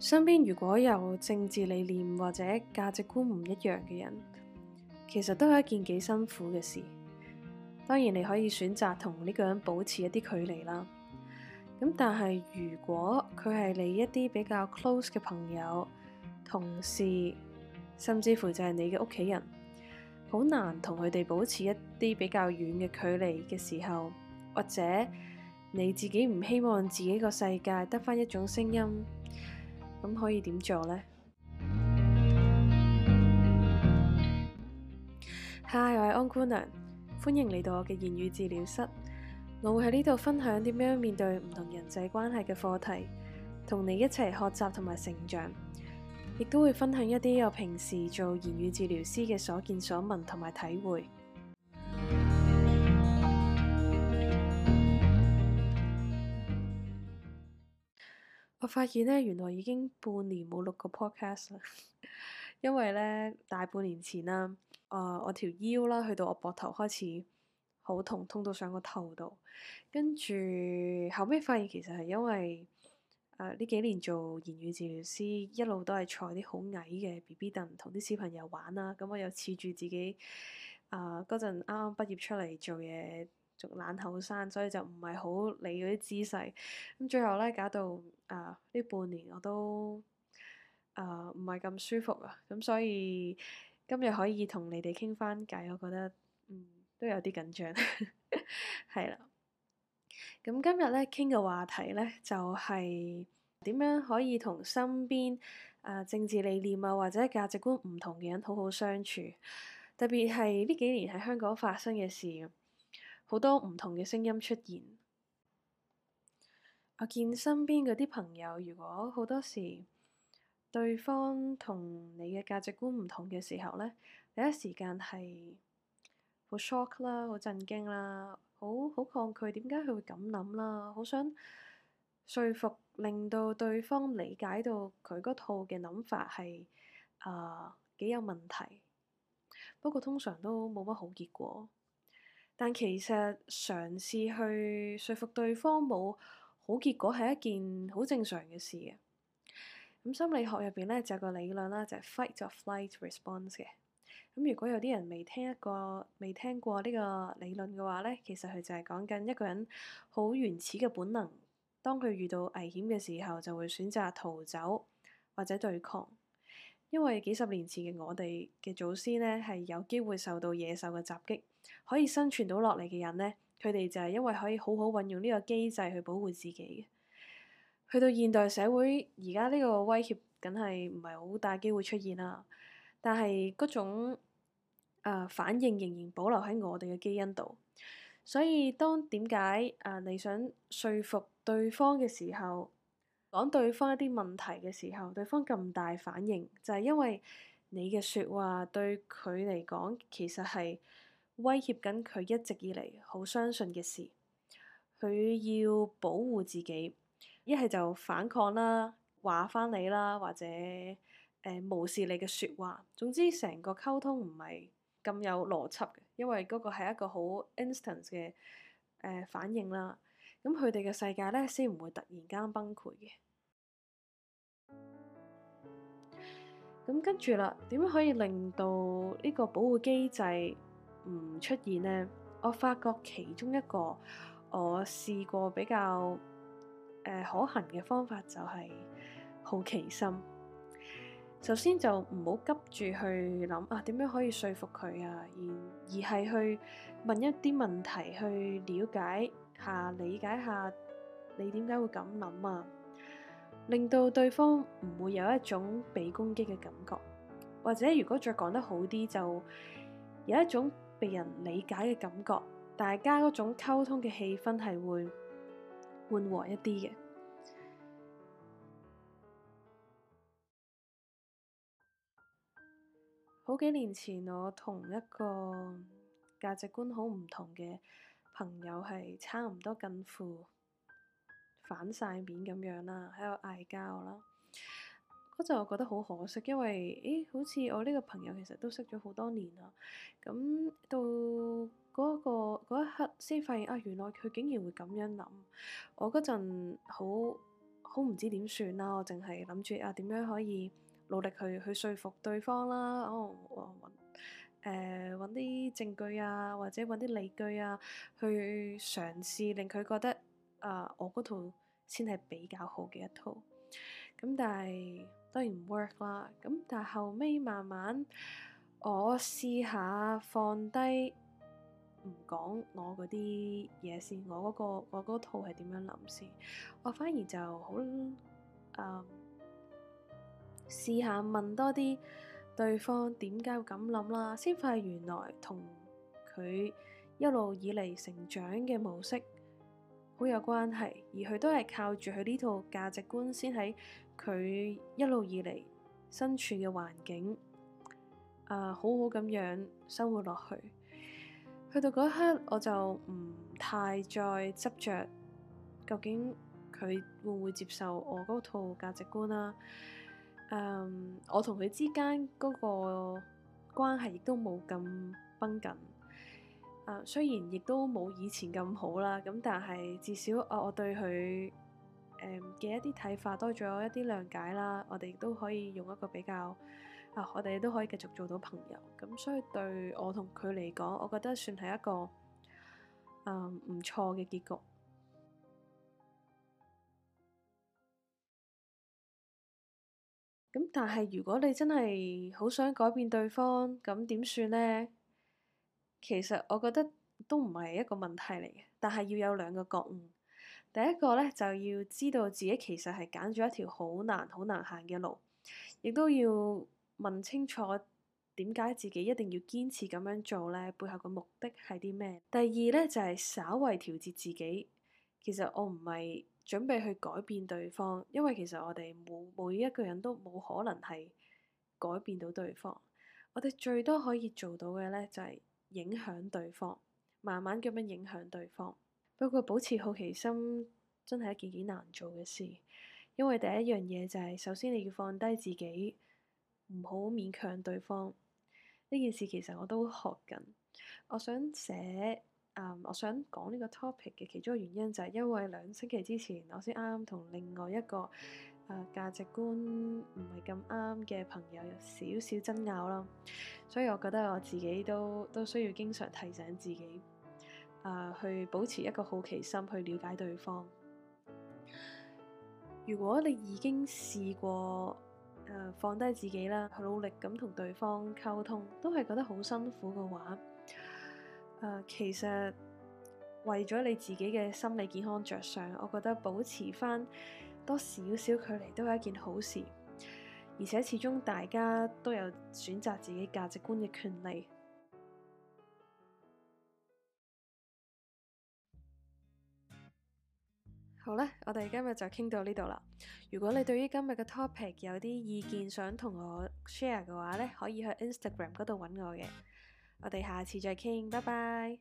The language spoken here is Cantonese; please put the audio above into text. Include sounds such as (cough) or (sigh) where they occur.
身邊如果有政治理念或者價值觀唔一樣嘅人，其實都係一件幾辛苦嘅事。當然你可以選擇同呢個人保持一啲距離啦。咁但係如果佢係你一啲比較 close 嘅朋友、同事，甚至乎就係你嘅屋企人，好難同佢哋保持一啲比較遠嘅距離嘅時候，或者你自己唔希望自己個世界得返一種聲音。咁可以點做呢？嗨，我係安姑娘，歡迎嚟到我嘅言語治療室。我會喺呢度分享點樣面對唔同人際關係嘅課題，同你一齊學習同埋成長，亦都會分享一啲我平時做言語治療師嘅所見所聞同埋體會。我發現咧，原來已經半年冇錄過 podcast 啦， (laughs) 因為咧大半年前啦，誒、呃、我條腰啦，去到我膊頭開始好痛，痛到上個頭度，跟住後尾發現其實係因為誒呢、呃、幾年做言語治療師，一路都係坐啲好矮嘅 B B 凳，同啲小朋友玩啦，咁、嗯、我又恃住自己誒嗰陣啱啱畢業出嚟做嘢。仲懶後生，所以就唔係好理嗰啲姿勢。咁最後咧，搞到誒呢、呃、半年我都誒唔係咁舒服啊。咁所以今日可以同你哋傾翻偈，我覺得嗯都有啲緊張，係 (laughs) 啦。咁今日咧傾嘅話題咧，就係、是、點樣可以同身邊誒、呃、政治理念啊或者價值觀唔同嘅人好好相處，特別係呢幾年喺香港發生嘅事。好多唔同嘅聲音出現，我見身邊嗰啲朋友，如果好多時對方同你嘅價值觀唔同嘅時候咧，第一時間係好 shock 啦，好震驚啦，好好抗拒，點解佢會咁諗啦？好想說服，令到對方理解到佢嗰套嘅諗法係啊幾有問題，不過通常都冇乜好結果。但其實嘗試去説服對方冇好結果係一件好正常嘅事嘅。咁心理學入邊咧就有個理論啦，就係 fight or flight response 嘅。咁如果有啲人未聽一個未聽過呢個理論嘅話咧，其實佢就係講緊一個人好原始嘅本能，當佢遇到危險嘅時候就會選擇逃走或者對抗，因為幾十年前嘅我哋嘅祖先咧係有機會受到野獸嘅襲擊。可以生存到落嚟嘅人呢，佢哋就係因為可以好好運用呢個機制去保護自己。去到現代社會，而家呢個威脅梗係唔係好大機會出現啦，但係嗰種啊、呃、反應仍然保留喺我哋嘅基因度。所以當點解啊你想說服對方嘅時候，講對方一啲問題嘅時候，對方咁大反應，就係因為你嘅說話對佢嚟講其實係威脅緊佢一直以嚟好相信嘅事，佢要保護自己，一係就反抗啦，話翻你啦，或者誒、呃、無視你嘅説話。總之成個溝通唔係咁有邏輯嘅，因為嗰個係一個好 instance 嘅誒、呃、反應啦。咁佢哋嘅世界咧先唔會突然間崩潰嘅。咁跟住啦，點樣可以令到呢個保護機制唔出現呢，我發覺其中一個我試過比較誒、呃、可行嘅方法就係好奇心。首先就唔好急住去諗啊，點樣可以說服佢啊，而而係去問一啲問題去了解下、理解下你點解會咁諗啊，令到對方唔會有一種被攻擊嘅感覺。或者如果再講得好啲，就有一種被人理解嘅感覺，大家嗰種溝通嘅氣氛係會緩和一啲嘅。好幾年前，我同一個價值觀好唔同嘅朋友係差唔多近乎反晒面咁樣啦，喺度嗌交啦。我就覺得好可惜，因為誒、欸，好似我呢個朋友其實都識咗好多年啦，咁、嗯、到嗰、嗰個嗰一刻先發現啊，原來佢竟然會咁樣諗。我嗰陣好好唔知點算啦，我淨係諗住啊點樣可以努力去去說服對方啦。哦、啊，揾誒啲證據啊，或者揾啲理據啊，去嘗試令佢覺得啊，我嗰套先係比較好嘅一套。咁、嗯、但係當然唔 work 啦，咁但係後尾慢慢我試下放低唔講我嗰啲嘢先，我嗰個我嗰套係點樣諗先，我反而就好誒、嗯、試下問多啲對方點解會咁諗啦，先發現原來同佢一路以嚟成長嘅模式好有關係，而佢都係靠住佢呢套價值觀先喺，佢一路以嚟身處嘅環境，呃、好好咁樣生活落去。去到嗰一刻，我就唔太再執着。究竟佢會唔會接受我嗰套價值觀啦、啊嗯？我同佢之間嗰個關係亦都冇咁繃緊。啊、呃，雖然亦都冇以前咁好啦，咁但係至少我，我對佢嘅、嗯、一啲睇法，多咗一啲諒解啦，我哋都可以用一個比較啊，我哋都可以繼續做到朋友咁，所以對我同佢嚟講，我覺得算係一個唔錯嘅結局。咁 (music) 但係如果你真係好想改變對方，咁點算呢？其實我覺得都唔係一個問題嚟嘅，但係要有兩個覺悟。第一個咧就要知道自己其實係揀咗一條好難好難行嘅路，亦都要問清楚點解自己一定要堅持咁樣做咧，背後嘅目的係啲咩？第二咧就係、是、稍為調節自己。其實我唔係準備去改變對方，因為其實我哋每每一個人都冇可能係改變到對方，我哋最多可以做到嘅咧就係影響對方，慢慢咁樣影響對方。不過保持好奇心真係一件幾難做嘅事，因為第一樣嘢就係、是、首先你要放低自己，唔好勉強對方。呢件事其實我都學緊，我想寫、嗯、我想講呢個 topic 嘅其中一個原因就係因為兩星期之前我先啱啱同另外一個啊、呃、價值觀唔係咁啱嘅朋友有少少爭拗啦，所以我覺得我自己都都需要經常提醒自己。誒、呃，去保持一個好奇心去了解對方。如果你已經試過誒、呃、放低自己啦，去努力咁同對方溝通，都係覺得好辛苦嘅話，呃，其實為咗你自己嘅心理健康着想，我覺得保持翻多少少距離都係一件好事。而且始終大家都有選擇自己價值觀嘅權利。好啦，我哋今日就傾到呢度啦。如果你對於今日嘅 topic 有啲意見想同我 share 嘅話咧，可以去 Instagram 嗰度揾我嘅。我哋下次再傾，拜拜。